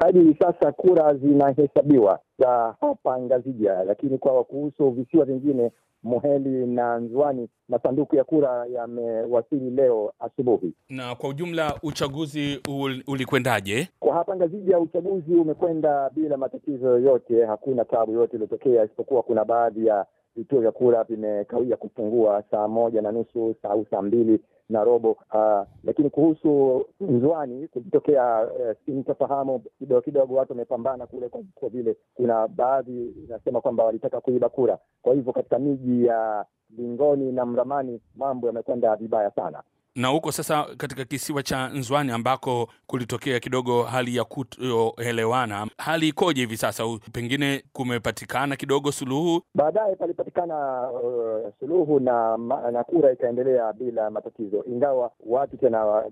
hadi sasa kura zinahesabiwa za hapa Ngazija, lakini kwa kuhusu visiwa vingine Muheli na Nzwani, masanduku ya kura yamewasili leo asubuhi. Na kwa ujumla uchaguzi ul, ulikwendaje? Kwa hapa Ngazija uchaguzi umekwenda bila matatizo yoyote, hakuna tabu yoyote iliyotokea, isipokuwa kuna baadhi ya vituo vya kura vimekawia kupungua saa moja na nusu au saa mbili na robo uh, lakini kuhusu Nzwani kulitokea eh, sintofahamu uh, kidogo kidogo. Watu wamepambana kule kwa, kwa vile kuna baadhi inasema kwamba walitaka kuiba kura. Kwa hivyo katika miji ya uh, Lingoni na Mramani mambo yamekwenda vibaya sana na huko sasa katika kisiwa cha Nzwani ambako kulitokea kidogo hali ya kutoelewana, hali ikoje hivi sasa? Pengine kumepatikana kidogo suluhu, baadaye palipatikana uh, suluhu na, na kura ikaendelea bila matatizo, ingawa watu tena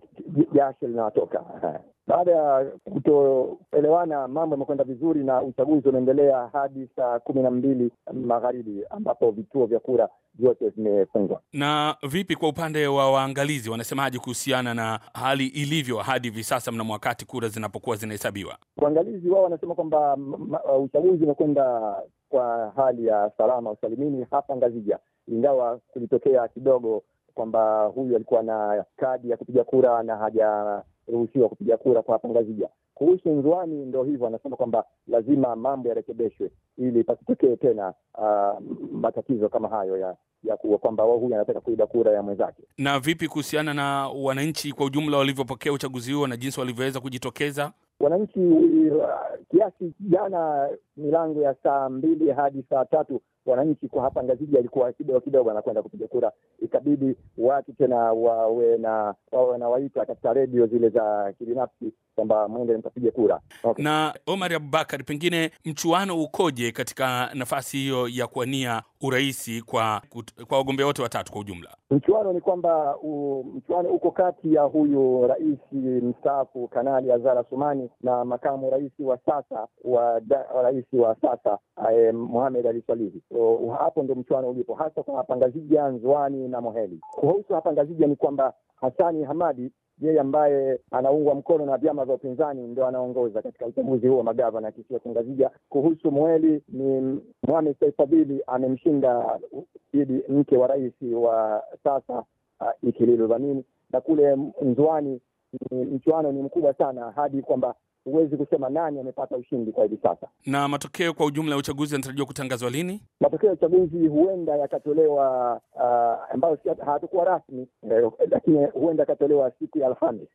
jasho linawatoka baada ya kutoelewana, mambo yamekwenda vizuri na uchaguzi unaendelea hadi saa kumi na mbili magharibi ambapo vituo vya kura vyote vimefungwa. Na vipi kwa upande wa waangalizi, wanasemaje kuhusiana na hali ilivyo hadi hivi sasa mnamo wakati kura zinapokuwa zinahesabiwa? Waangalizi wao wanasema kwamba uchaguzi umekwenda kwa hali ya salama usalimini hapa Ngazija, ingawa kulitokea kidogo kwamba huyu alikuwa na kadi ya kupiga kura na haja kuruhusiwa kupiga kura kwa Pangazija. Kuhusu Nzwani, ndo hivyo anasema kwamba lazima mambo yarekebeshwe ili pasitokee tena uh, matatizo kama hayo ya ya kuwa kwamba wao huyu anataka kuiba kura ya mwenzake. Na vipi kuhusiana na wananchi kwa ujumla walivyopokea uchaguzi huo na jinsi walivyoweza kujitokeza? Wananchi uh, kiasi jana milango ya saa mbili hadi saa tatu wananchi kwa hapa Ngazija alikuwa kidogo kidogo anakwenda kupiga kura, ikabidi watu tena wawe na wawe na katika redio zile za kibinafsi kwamba mwende mkapige kura okay. Na Omar Abubakar, pengine mchuano ukoje katika nafasi hiyo ya kuwania uraisi kwa kwa wagombea wote watatu kwa ujumla? Mchuano ni kwamba mchuano uko kati ya huyu rais mstaafu Kanali Azara Sumani na makamu rais wa sasa wa rais wa sasa eh, Mohamed Ali Swalihi. hapo ndo mchuano ulipo hasa kwa Hapangazija, Nzwani na Moheli. Kuhusu Hapangazija ni kwamba Hasani Hamadi yeye ambaye anaungwa mkono na vyama vya upinzani ndio anaongoza katika uchaguzi huo magavana kisia Kangazija. Kuhusu Mweli, ni mwami Seif amemshinda Idi, mke wa rais wa sasa uh, Ikililo na kule Nzwani mchuano ni mkubwa sana hadi kwamba huwezi kusema nani amepata ushindi kwa hivi sasa. Na matokeo kwa ujumla ya uchaguzi yanatarajiwa kutangazwa lini? Matokeo ya uchaguzi huenda yakatolewa, uh, ambayo hatakuwa rasmi eh, lakini huenda yakatolewa siku ya Alhamis.